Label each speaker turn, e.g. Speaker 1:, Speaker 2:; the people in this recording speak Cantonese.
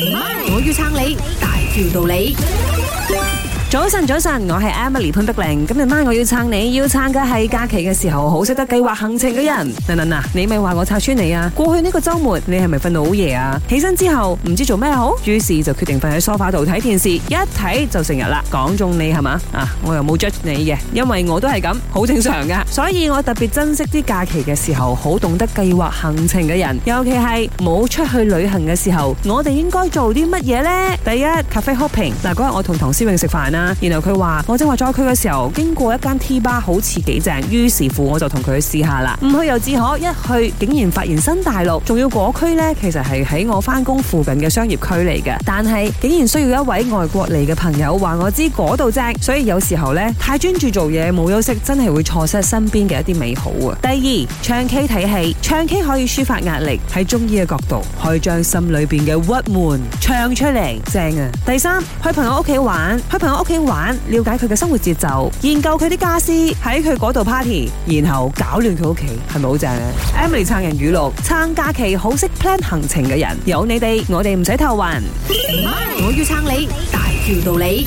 Speaker 1: Hey. 我要撐你，大條道理。Hey. 早晨，早晨，我係 Emily 潘碧玲。今日晚我要撐你，要撐嘅係假期嘅時候好識得計劃行程嘅人。嗱嗱嗱，你咪話我拆穿你啊！過去呢個周末，你係咪瞓到好夜啊？起身之後唔知做咩好，於是就決定瞓喺 sofa 度睇電視，一睇就成日啦。講中你係嘛？啊，我又冇 judge 你嘅，因為我都係咁，好正常噶、嗯。所以我特別珍惜啲假期嘅時候，好懂得計劃行程嘅人。尤其係冇出去旅行嘅時候，我哋應該做啲乜嘢呢？第一 cafe hopping。嗱，嗰日我同唐詩穎食飯啊。然後佢話我正係話在區嘅時候經過一間 T 吧好似幾正，於是乎我就同佢去試下啦。唔去又至可，一去竟然發現新大陸，仲要果區呢，其實係喺我翻工附近嘅商業區嚟嘅。但係竟然需要一位外國嚟嘅朋友話我知嗰度正，所以有時候呢，太專注做嘢冇休息，真係會錯失身邊嘅一啲美好啊。第二，唱 K 睇戲，唱 K 可以抒發壓力，喺中醫嘅角度可以將心裏邊嘅鬱悶唱出嚟，正啊。第三，去朋友屋企玩，去朋友屋。玩，了解佢嘅生活節奏，研究佢啲家私，喺佢嗰度 party，然後搞亂佢屋企，係咪好正？Emily 撐人語錄，撐假期好識 plan 行程嘅人，有你哋，我哋唔使頭暈。我要撐你，你，大條道理。